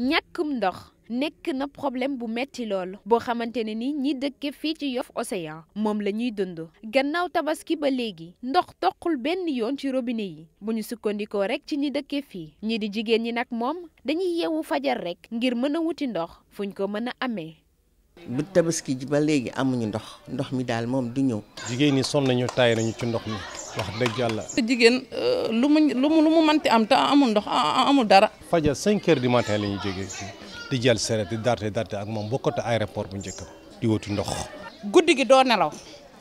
ñàkkum ndox nekk na problème bu metti lool boo xamante ne ni ñi dëkke fii ci Yoff Océan moom la ñuy dund gannaaw tabaski ba léegi ndox toqul benn yoon ci robine yi bu ñu sukkandikoo rek ci ñi dëkke fii ñi di jigéen ñi nag moom dañuy yeewu fajar rek ngir mën a wuti ndox fuñ ko mën a amee bu tabaski ji ba léegi amuñu ndox ndox mi daal moom du ñëw jigéen ñi sonn nañu taay nañu ci ndox mi wax dëgg yàlla. jigéen euh, lu mu lu mu lu mu mënti am te amul ndox amul dara. fajar 5 heures du matin la ñuy di jël seret di darte darte ak moom bokkatu aéroport bu njëkk di wuti ndox. guddi gi doo nelaw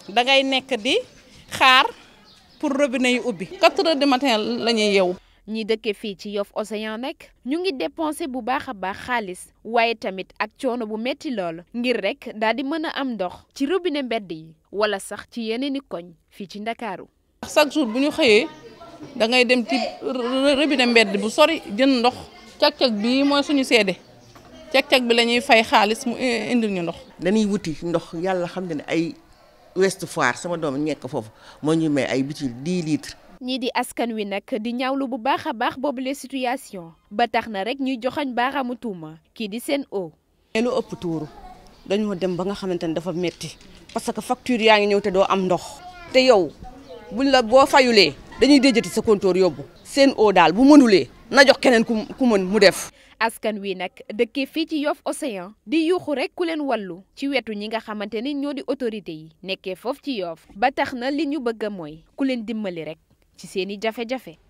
da ngay nekk di xaar pour robine yi ubbi. 4 heures du matin la ñuy yeewu. ñi dëkkee fii ci Yoff Océan nag ñu ngi dépensé bu baax a baax xaalis waaye tamit ak coono bu metti lool ngir rek daal di mën a am ndox ci robine mbedd yi wala sax ci yeneen i fii ci Ndakaaru chaque jour bu ñu xëyee da ngay dem ci robinet mbedd bu sori jën ndox cag-cag bii mooy suñu seede cag-cag bi lañuy fay xaalis mu indil ñu ndox. dañuy wuti ndox yàlla xam ne ay Ouest Foire sama doom nekk foofu moo ñuy may ay butéel 10 litres. ñii di askan wi nag di ñaawlu bu baax a baax boobu les situation ba tax na rek ñuy joxañ baaraamu tuuma kii di seen eau. lu ëpp tuuru dañoo dem ba nga xamante ne dafa metti parce que facture yaa ngi ñëw te doo am ndox buñ la boo fayulee dañuy déjati sa compteur yóbbu seen oo daal bu mënulee na jox keneen ku ku mën mu def. askan wi nag dëkkee fii ci Yoff Océan di yuuxu rek ku leen wallu ci wetu ñi nga xamante ni ñoo di autorité yi nekkee foofu ci Yoff ba tax na li ñu bëgg mooy ku leen dimbali rek ci seeni jafe-jafe.